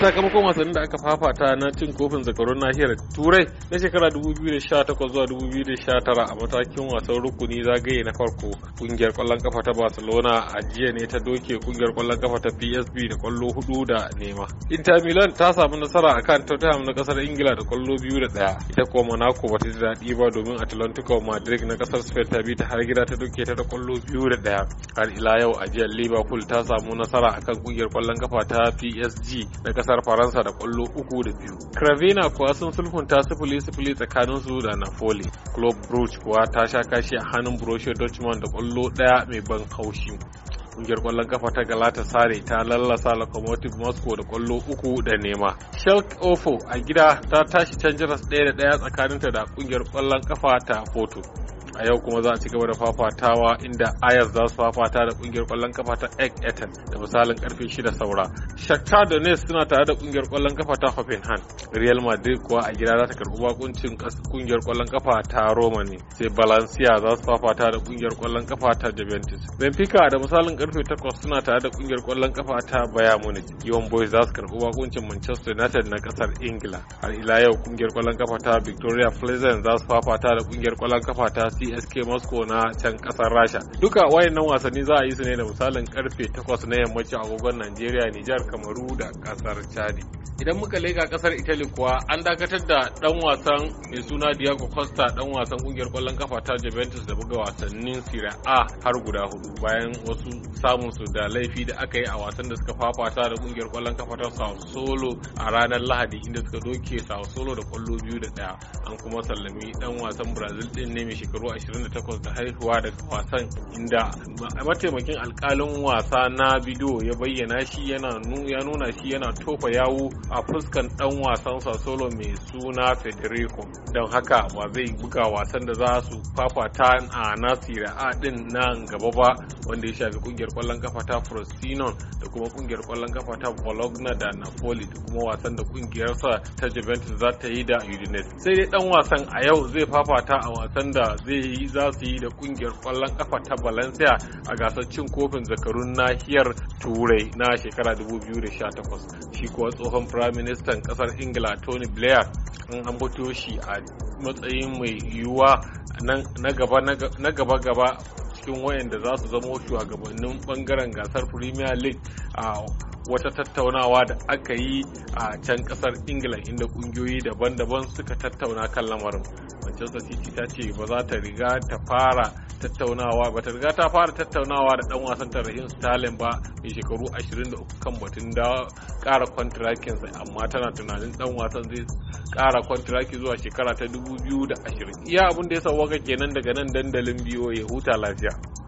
sakamakon wasannin da aka fafata na cin kofin zakarun nahiyar turai na shekara 2018 zuwa 2019 a matakin wasan rukuni zagaye na farko kungiyar kwallon kafa ta barcelona a jiya ne ta doke kungiyar kwallon kafa ta psb da kwallo hudu da nema inter milan ta samu nasara akan tottenham na kasar ingila da kwallo biyu da daya ita kuwa monaco ba ta ji daɗi ba domin atlantico madrid na kasar spain ta bi ta har gida ta doke ta da kwallo biyu da daya har ila yau a jiya liverpool ta samu nasara akan kungiyar kwallon kafa ta psg na kasar kasar faransa da kwallo uku da biyu cravena kuwa sun sulhunta sifili sifili tsakanin su da napoli club brugge kuwa ta sha kashi a hannun borussia dortmund da kwallo ɗaya mai ban haushi kungiyar kwallon kafa ta galata sare ta lallasa locomotive moscow da kwallo uku da nema shalk ofo a gida ta tashi can jiras ɗaya da ɗaya tsakaninta da kungiyar kwallon kafa ta porto a yau kuma za a ci gaba da fafatawa inda ayaz za su fafata da kungiyar kwallon kafa ta ek etel da misalin karfe shida saura shakhtar donetsk suna tare da kungiyar kwallon kafa ta hoffenheim real madrid kuwa a gida za ta karbi bakuncin kungiyar kwallon kafa ta roma ne sai valencia za su fafata da kungiyar kwallon kafa ta juventus benfica da misalin karfe takwas suna tare da kungiyar kwallon kafa ta bayern munich yawan boys za su karbi bakuncin manchester united na kasar ingila har ila yau kungiyar kwallon kafa ta victoria pleasant za su fafata da kungiyar kwallon kafa ta CSK Moscow na can kasar Rasha. Duka wayannan wasanni za a yi su ne da misalin karfe 8 na yammaci agogon Najeriya, Nijar, Kamaru da kasar Chadi. Idan muka leka kasar Italy kuwa an dakatar da dan wasan mai suna Diego Costa dan wasan kungiyar kwallon kafa ta Juventus da buga wasannin Serie A har guda hudu bayan wasu samun su da laifi da aka yi a wasan da suka fafata da kungiyar kwallon kafa ta Sao Solo a ranar Lahadi inda suka doke Sao Solo da kwallo biyu da daya an kuma sallami dan wasan Brazil din ne mai shekaru 28 da haihuwa daga wasan inda mataimakin alkalin wasa na bidiyo ya bayyana shi ya nuna shi yana tofa yawo a fuskan dan wasan solo mai suna federico don haka ba zai buga wasan da za su fafata a nasira a din nan gaba ba wanda ya shafi kungiyar kwallon kafa ta frosinon da kuma kungiyar kwallon kafa ta Bologna da Napoli da kuma wasan da kungiyarsa ta Juventus za ta yi da Udinese. Sai dai dan wasan a yau zai fafata a wasan da zai yi za su yi da kungiyar kwallon kafa ta valencia a gasar cin kofin zakarun nahiyar turai na shekara 2018 shi kuwa tsohon firaministan kasar ingila tony blair an ambato shi a matsayin mai yiwuwa na gaba-gaba cikin wayanda za su zamo shugabannin bangaren gasar premier league a wata tattaunawa da aka yi a can kasar ingila inda kungiyoyi daban-daban suka tattauna kan lamarin manchester city ta ce ba za ta riga ta fara tattaunawa ba ta riga ta fara tattaunawa da dan wasan tarihin stalin ba mai shekaru 23 kan batun da kara sai amma tana tunanin dan wasan zai kara kwantiraki zuwa shekara ta 2020 iya abin da ya sauwaka kenan daga nan dandalin biyo ya huta lafiya